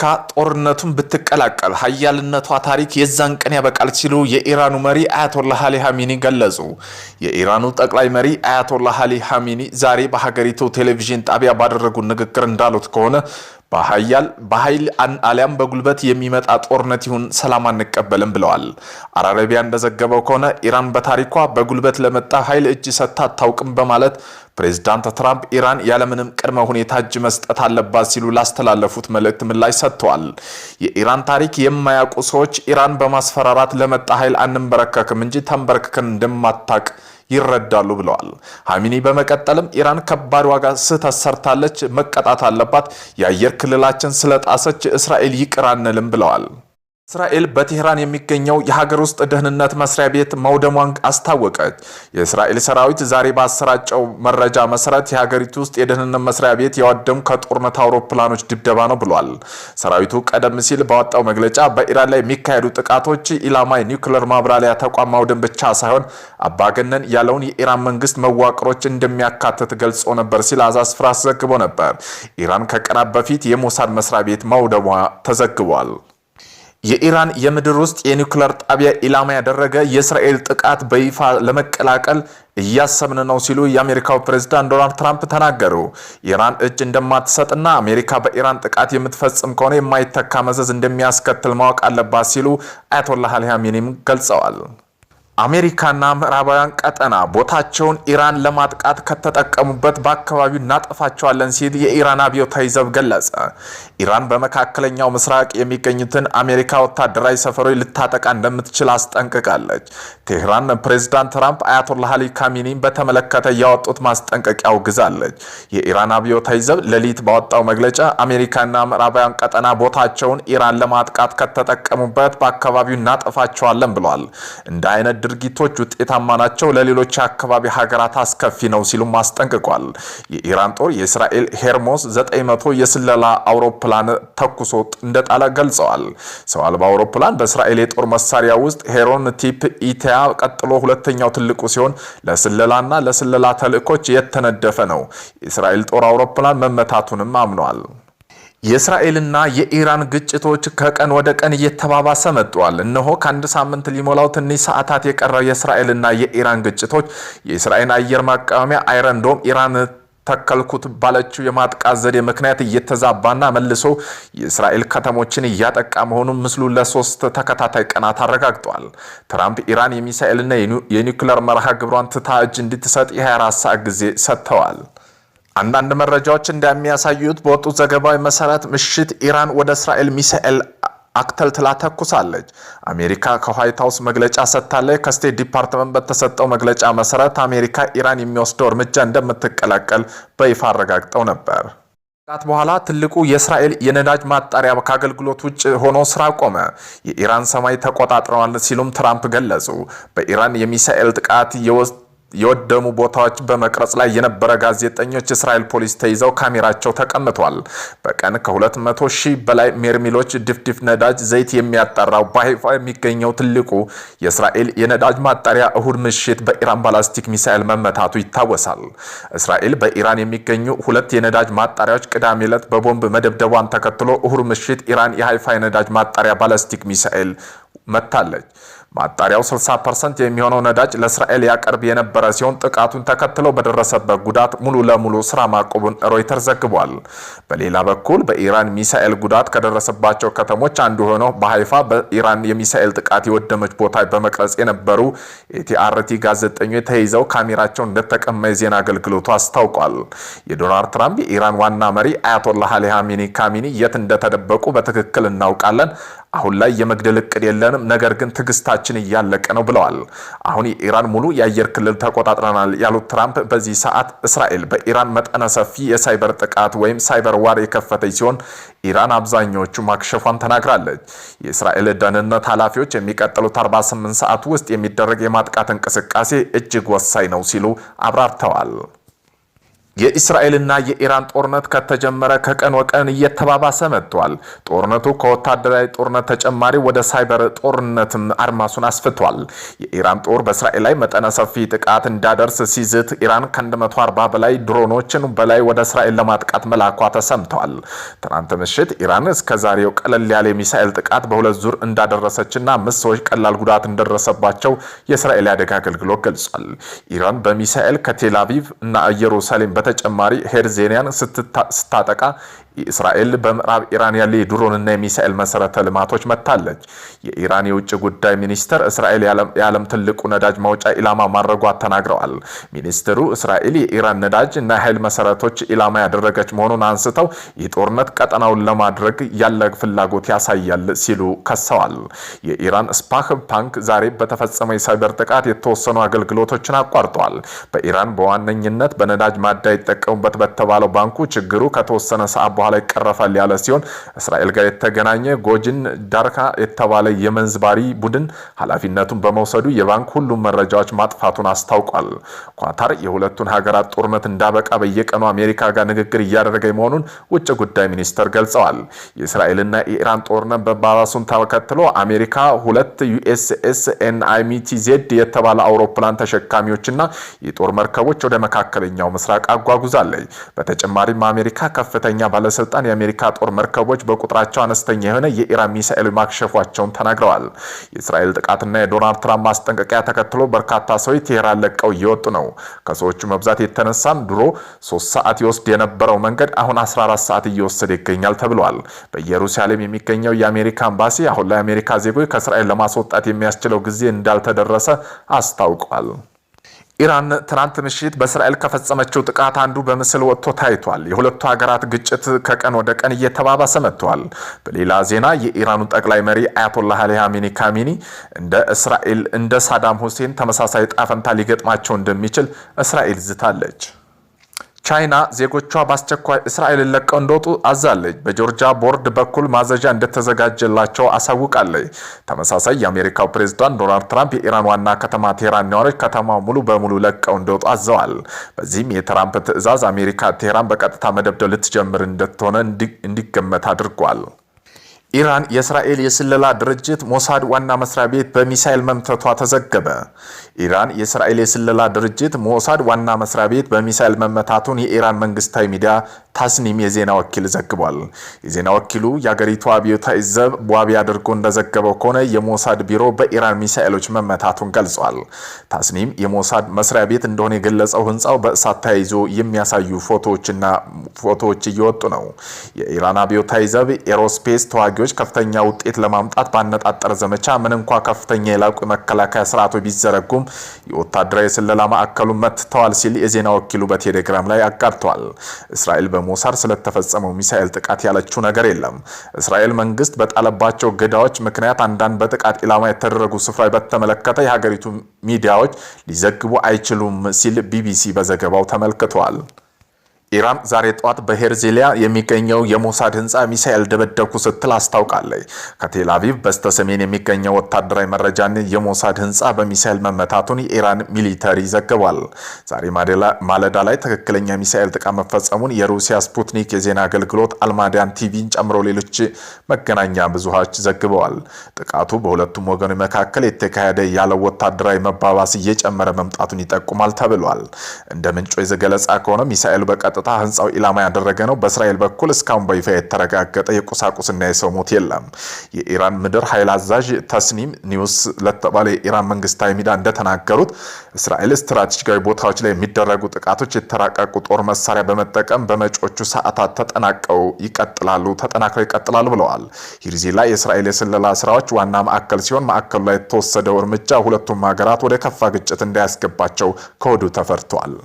አሜሪካ ጦርነቱን ብትቀላቀል ሀያልነቷ ታሪክ የዛን ቀን ያበቃል ሲሉ የኢራኑ መሪ አያቶላህ አሊ ሀሚኒ ገለጹ። የኢራኑ ጠቅላይ መሪ አያቶላህ አሊ ሀሚኒ ዛሬ በሀገሪቱ ቴሌቪዥን ጣቢያ ባደረጉ ንግግር እንዳሉት ከሆነ በሀያል በኃይል አሊያም በጉልበት የሚመጣ ጦርነት ይሁን ሰላም አንቀበልም ብለዋል። አረቢያ እንደዘገበው ከሆነ ኢራን በታሪኳ በጉልበት ለመጣ ኃይል እጅ ሰጥታ አታውቅም በማለት ፕሬዚዳንት ትራምፕ ኢራን ያለምንም ቅድመ ሁኔታ እጅ መስጠት አለባት ሲሉ ላስተላለፉት መልእክት ምላሽ ሰጥተዋል። የኢራን ታሪክ የማያውቁ ሰዎች ኢራን በማስፈራራት ለመጣ ኃይል አንንበረከክም እንጂ ተንበርክከን እንደማታቅ ይረዳሉ ብለዋል። ሀሚኒ በመቀጠልም ኢራን ከባድ ዋጋ ስህተት ሰርታለች፣ መቀጣት አለባት። የአየር ክልላችን ስለጣሰች እስራኤል ይቅር አንልም ብለዋል። እስራኤል በቴህራን የሚገኘው የሀገር ውስጥ ደህንነት መስሪያ ቤት መውደሟን አስታወቀች። የእስራኤል ሰራዊት ዛሬ ባሰራጨው መረጃ መሰረት የሀገሪቱ ውስጥ የደህንነት መስሪያ ቤት የወደሙ ከጦርነት አውሮፕላኖች ድብደባ ነው ብሏል። ሰራዊቱ ቀደም ሲል ባወጣው መግለጫ በኢራን ላይ የሚካሄዱ ጥቃቶች ኢላማ የኒውክሌር ማብራሪያ ተቋም ማውደም ብቻ ሳይሆን አባገነን ያለውን የኢራን መንግስት መዋቅሮች እንደሚያካትት ገልጾ ነበር ሲል አዛስፍራ አስዘግቦ ነበር። ኢራን ከቀናት በፊት የሞሳድ መስሪያ ቤት መውደሟ ተዘግቧል። የኢራን የምድር ውስጥ የኒውክለር ጣቢያ ኢላማ ያደረገ የእስራኤል ጥቃት በይፋ ለመቀላቀል እያሰብን ነው ሲሉ የአሜሪካው ፕሬዝዳንት ዶናልድ ትራምፕ ተናገሩ። ኢራን እጅ እንደማትሰጥና አሜሪካ በኢራን ጥቃት የምትፈጽም ከሆነ የማይተካ መዘዝ እንደሚያስከትል ማወቅ አለባት ሲሉ አያቶላህ አሊ ኻሜኒም ገልጸዋል። አሜሪካና ምዕራባውያን ቀጠና ቦታቸውን ኢራን ለማጥቃት ከተጠቀሙበት በአካባቢው እናጠፋቸዋለን ሲል የኢራን አብዮታዊ ዘብ ገለጸ። ኢራን በመካከለኛው ምስራቅ የሚገኙትን አሜሪካ ወታደራዊ ሰፈሮች ልታጠቃ እንደምትችል አስጠንቅቃለች። ቴህራን ፕሬዚዳንት ትራምፕ አያቶላህ አሊ ካሚኒን በተመለከተ ያወጡት ማስጠንቀቂያ አውግዛለች። የኢራን አብዮታዊ ዘብ ሌሊት ባወጣው መግለጫ አሜሪካና ምዕራባውያን ቀጠና ቦታቸውን ኢራን ለማጥቃት ከተጠቀሙበት በአካባቢው እናጠፋቸዋለን ብሏል። እንደ አይነት ድርጊቶች ውጤታማ ናቸው፣ ለሌሎች አካባቢ ሀገራት አስከፊ ነው ሲሉም አስጠንቅቋል። የኢራን ጦር የእስራኤል ሄርሞስ 900 የስለላ አውሮፕላን ተኩሶ እንደጣለ ገልጸዋል። ሰው አልባ አውሮፕላን በእስራኤል የጦር መሳሪያ ውስጥ ሄሮን ቲፕ ኢቲያ ቀጥሎ ሁለተኛው ትልቁ ሲሆን ለስለላና ለስለላ ተልእኮች የተነደፈ ነው። የእስራኤል ጦር አውሮፕላን መመታቱንም አምኗል። የእስራኤልና የኢራን ግጭቶች ከቀን ወደ ቀን እየተባባሰ መጥተዋል። እነሆ ከአንድ ሳምንት ሊሞላው ትንሽ ሰዓታት የቀረው የእስራኤልና የኢራን ግጭቶች የእስራኤል አየር ማቃወሚያ አይረንዶም ኢራን ተከልኩት ባለችው የማጥቃት ዘዴ ምክንያት እየተዛባና መልሶ የእስራኤል ከተሞችን እያጠቃ መሆኑን ምስሉ ለሶስት ተከታታይ ቀናት አረጋግጧል። ትራምፕ ኢራን የሚሳኤልና የኒውክለር መርሃ ግብሯን ትታ እጅ እንድትሰጥ የ24 ሰዓት ጊዜ ሰጥተዋል። አንዳንድ መረጃዎች እንደሚያሳዩት በወጡት ዘገባዊ መሰረት ምሽት ኢራን ወደ እስራኤል ሚሳኤል አክተልትላ ተኩሳለች። አሜሪካ ከዋይት ሀውስ መግለጫ ሰጥታለች። ከስቴት ዲፓርትመንት በተሰጠው መግለጫ መሰረት አሜሪካ ኢራን የሚወስደው እርምጃ እንደምትቀላቀል በይፋ አረጋግጠው ነበር። ት በኋላ ትልቁ የእስራኤል የነዳጅ ማጣሪያ ከአገልግሎት ውጭ ሆኖ ስራ ቆመ። የኢራን ሰማይ ተቆጣጥረዋል ሲሉም ትራምፕ ገለጹ። በኢራን የሚሳኤል ጥቃት የወስ የወደሙ ቦታዎች በመቅረጽ ላይ የነበረ ጋዜጠኞች እስራኤል ፖሊስ ተይዘው ካሜራቸው ተቀምቷል። በቀን ከ200 ሺህ በላይ ሜርሚሎች ድፍድፍ ነዳጅ ዘይት የሚያጠራው በሀይፋ የሚገኘው ትልቁ የእስራኤል የነዳጅ ማጣሪያ እሁድ ምሽት በኢራን ባላስቲክ ሚሳኤል መመታቱ ይታወሳል። እስራኤል በኢራን የሚገኙ ሁለት የነዳጅ ማጣሪያዎች ቅዳሜ ዕለት በቦምብ መደብደቧን ተከትሎ እሁድ ምሽት ኢራን የሀይፋ የነዳጅ ማጣሪያ ባላስቲክ ሚሳኤል መታለች። ማጣሪያው 60 ፐርሰንት የሚሆነው ነዳጅ ለእስራኤል ያቀርብ የነበረ ሲሆን ጥቃቱን ተከትለው በደረሰበት ጉዳት ሙሉ ለሙሉ ስራ ማቆቡን ሮይተር ዘግቧል። በሌላ በኩል በኢራን ሚሳኤል ጉዳት ከደረሰባቸው ከተሞች አንዱ ሆነው በሀይፋ በኢራን የሚሳኤል ጥቃት የወደመች ቦታ በመቅረጽ የነበሩ የቲአርቲ ጋዜጠኞች ተይዘው ካሜራቸውን እንደተቀማ የዜና አገልግሎቱ አስታውቋል። የዶናልድ ትራምፕ የኢራን ዋና መሪ አያቶላህ አሊ ካሚኒ የት እንደተደበቁ በትክክል እናውቃለን አሁን ላይ የመግደል እቅድ የለንም፣ ነገር ግን ትዕግስታችን እያለቀ ነው ብለዋል። አሁን የኢራን ሙሉ የአየር ክልል ተቆጣጥረናል ያሉት ትራምፕ በዚህ ሰዓት እስራኤል በኢራን መጠነ ሰፊ የሳይበር ጥቃት ወይም ሳይበር ዋር የከፈተች ሲሆን ኢራን አብዛኞቹ ማክሸፏን ተናግራለች። የእስራኤል ደህንነት ኃላፊዎች የሚቀጥሉት 48 ሰዓት ውስጥ የሚደረግ የማጥቃት እንቅስቃሴ እጅግ ወሳኝ ነው ሲሉ አብራርተዋል። የእስራኤልና የኢራን ጦርነት ከተጀመረ ከቀን ወቀን እየተባባሰ መጥቷል። ጦርነቱ ከወታደራዊ ጦርነት ተጨማሪ ወደ ሳይበር ጦርነትም አድማሱን አስፍቷል። የኢራን ጦር በእስራኤል ላይ መጠነ ሰፊ ጥቃት እንዳደርስ ሲዝት ኢራን ከ140 በላይ ድሮኖችን በላይ ወደ እስራኤል ለማጥቃት መላኳ ተሰምተዋል። ትናንት ምሽት ኢራን እስከዛሬው ቀለል ያለ የሚሳኤል ጥቃት በሁለት ዙር እንዳደረሰችና አምስት ሰዎች ቀላል ጉዳት እንደደረሰባቸው የእስራኤል አደጋ አገልግሎት ገልጿል። ኢራን በሚሳኤል ከቴል አቪቭ እና ኢየሩሳሌም በተ ተጨማሪ ሄርዜኒያን ስታጠቃ እስራኤል በምዕራብ ኢራን ያለ የድሮንና የሚሳኤል መሰረተ ልማቶች መታለች። የኢራን የውጭ ጉዳይ ሚኒስትር እስራኤል የዓለም ትልቁ ነዳጅ ማውጫ ኢላማ ማድረጓ ተናግረዋል። ሚኒስትሩ እስራኤል የኢራን ነዳጅ እና ኃይል መሰረቶች ኢላማ ያደረገች መሆኑን አንስተው የጦርነት ቀጠናውን ለማድረግ ያለ ፍላጎት ያሳያል ሲሉ ከሰዋል። የኢራን ስፓክ ባንክ ዛሬ በተፈጸመ የሳይበር ጥቃት የተወሰኑ አገልግሎቶችን አቋርጧል። በኢራን በዋነኝነት በነዳጅ ማዳ ይጠቀሙበት በተባለው ባንኩ ችግሩ ከተወሰነ ሰዓት በኋላ ይቀረፋል ያለ ሲሆን እስራኤል ጋር የተገናኘ ጎጅን ዳርካ የተባለ የመንዝባሪ ቡድን ኃላፊነቱን በመውሰዱ የባንክ ሁሉም መረጃዎች ማጥፋቱን አስታውቋል። ኳታር የሁለቱን ሀገራት ጦርነት እንዳበቃ በየቀኑ አሜሪካ ጋር ንግግር እያደረገ መሆኑን ውጭ ጉዳይ ሚኒስትር ገልጸዋል። የእስራኤልና የኢራን ጦርነት በባባሱን ተከትሎ አሜሪካ ሁለት ዩኤስኤስ ኤንአይሚቲ ዜድ የተባለ አውሮፕላን ተሸካሚዎችና የጦር መርከቦች ወደ መካከለኛው ምስራቅ አጓጉዛለች። በተጨማሪም አሜሪካ ከፍተኛ ባለ ባለስልጣን የአሜሪካ ጦር መርከቦች በቁጥራቸው አነስተኛ የሆነ የኢራን ሚሳኤል ማክሸፏቸውን ተናግረዋል። የእስራኤል ጥቃትና የዶናልድ ትራምፕ ማስጠንቀቂያ ተከትሎ በርካታ ሰዎች ቴህራን ለቀው እየወጡ ነው። ከሰዎቹ መብዛት የተነሳም ድሮ ሶስት ሰዓት ይወስድ የነበረው መንገድ አሁን 14 ሰዓት እየወሰደ ይገኛል ተብሏል። በኢየሩሳሌም የሚገኘው የአሜሪካ ኤምባሲ አሁን ላይ አሜሪካ ዜጎች ከእስራኤል ለማስወጣት የሚያስችለው ጊዜ እንዳልተደረሰ አስታውቋል። ኢራን ትናንት ምሽት በእስራኤል ከፈጸመችው ጥቃት አንዱ በምስል ወጥቶ ታይቷል። የሁለቱ ሀገራት ግጭት ከቀን ወደ ቀን እየተባባሰ መጥተዋል። በሌላ ዜና የኢራኑ ጠቅላይ መሪ አያቶላህ አሊ ኻሜኒ ካሚኒ እንደ እስራኤል እንደ ሳዳም ሁሴን ተመሳሳይ ጣፈንታ ሊገጥማቸው እንደሚችል እስራኤል ዝታለች። ቻይና ዜጎቿ በአስቸኳይ እስራኤልን ለቀው እንደወጡ አዛለች። በጆርጂያ ቦርድ በኩል ማዘዣ እንደተዘጋጀላቸው አሳውቃለች። ተመሳሳይ የአሜሪካው ፕሬዝዳንት ዶናልድ ትራምፕ የኢራን ዋና ከተማ ቴህራን ነዋሪዎች ከተማ ሙሉ በሙሉ ለቀው እንደወጡ አዘዋል። በዚህም የትራምፕ ትዕዛዝ አሜሪካ ቴህራን በቀጥታ መደብደብ ልትጀምር እንደተሆነ እንዲገመት አድርጓል። ኢራን የእስራኤል የስለላ ድርጅት ሞሳድ ዋና መስሪያ ቤት በሚሳይል መምተቷ ተዘገበ። ኢራን የእስራኤል የስለላ ድርጅት ሞሳድ ዋና መስሪያ ቤት በሚሳይል መመታቱን የኢራን መንግስታዊ ሚዲያ ታስኒም የዜና ወኪል ዘግቧል። የዜና ወኪሉ የአገሪቱ አብዮታዊ ዘብ ዋቢ አድርጎ እንደዘገበው ከሆነ የሞሳድ ቢሮ በኢራን ሚሳኤሎች መመታቱን ገልጿል። ታስኒም የሞሳድ መስሪያ ቤት እንደሆነ የገለጸው ህንፃው በእሳት ተያይዞ የሚያሳዩ ፎቶዎችና ፎቶዎች እየወጡ ነው። የኢራን አብዮታዊ ዘብ ኤሮስፔስ ተዋጊ ተዋጊዎች ከፍተኛ ውጤት ለማምጣት ባነጣጠረ ዘመቻ ምን እንኳ ከፍተኛ የላቁ የመከላከያ ስርዓቶች ቢዘረጉም የወታደራዊ ስለላ ማዕከሉ መትተዋል ሲል የዜና ወኪሉ በቴሌግራም ላይ አጋርተዋል። እስራኤል በሞሳር ስለተፈጸመው ሚሳኤል ጥቃት ያለችው ነገር የለም። እስራኤል መንግስት በጣለባቸው ግዳዎች ምክንያት አንዳንድ በጥቃት ኢላማ የተደረጉ ስፍራ በተመለከተ የሀገሪቱ ሚዲያዎች ሊዘግቡ አይችሉም ሲል ቢቢሲ በዘገባው ተመልክቷል። ኢራን ዛሬ ጠዋት በሄርዚሊያ የሚገኘው የሞሳድ ህንፃ ሚሳኤል ደበደብኩ ስትል አስታውቃለች። ከቴል በስተ ሰሜን የሚገኘው ወታደራዊ መረጃን የሞሳድ ህንፃ በሚሳኤል መመታቱን የኢራን ሚሊተሪ ዘግቧል። ዛሬ ማለዳ ላይ ትክክለኛ ሚሳኤል ጥቃት መፈጸሙን የሩሲያ ስፑትኒክ የዜና አገልግሎት አልማዳን ቲቪን ጨምሮ ሌሎች መገናኛ ብዙሃች ዘግበዋል። ጥቃቱ በሁለቱም ወገኖች መካከል የተካሄደ ያለው ወታደራዊ መባባስ እየጨመረ መምጣቱን ይጠቁማል ተብሏል። እንደ ምንጮች ገለጻ ከሆነ ሚሳኤሉ በቀጥ ቀጥታ ህንፃው ኢላማ ያደረገ ነው። በእስራኤል በኩል እስካሁን በይፋ የተረጋገጠ የቁሳቁስና የሰው ሞት የለም። የኢራን ምድር ኃይል አዛዥ ተስኒም ኒውስ ለተባለ የኢራን መንግስታዊ ሚዲያ እንደተናገሩት እስራኤል ስትራቴጂካዊ ቦታዎች ላይ የሚደረጉ ጥቃቶች የተራቀቁ ጦር መሳሪያ በመጠቀም በመጪዎቹ ሰዓታት ተጠናቀው ይቀጥላሉ ተጠናክረው ይቀጥላሉ ብለዋል። ሂርዚ ላይ የእስራኤል የስለላ ስራዎች ዋና ማዕከል ሲሆን ማዕከሉ ላይ የተወሰደው እርምጃ ሁለቱም ሀገራት ወደ ከፋ ግጭት እንዳያስገባቸው ከወዱ ተፈርቷል።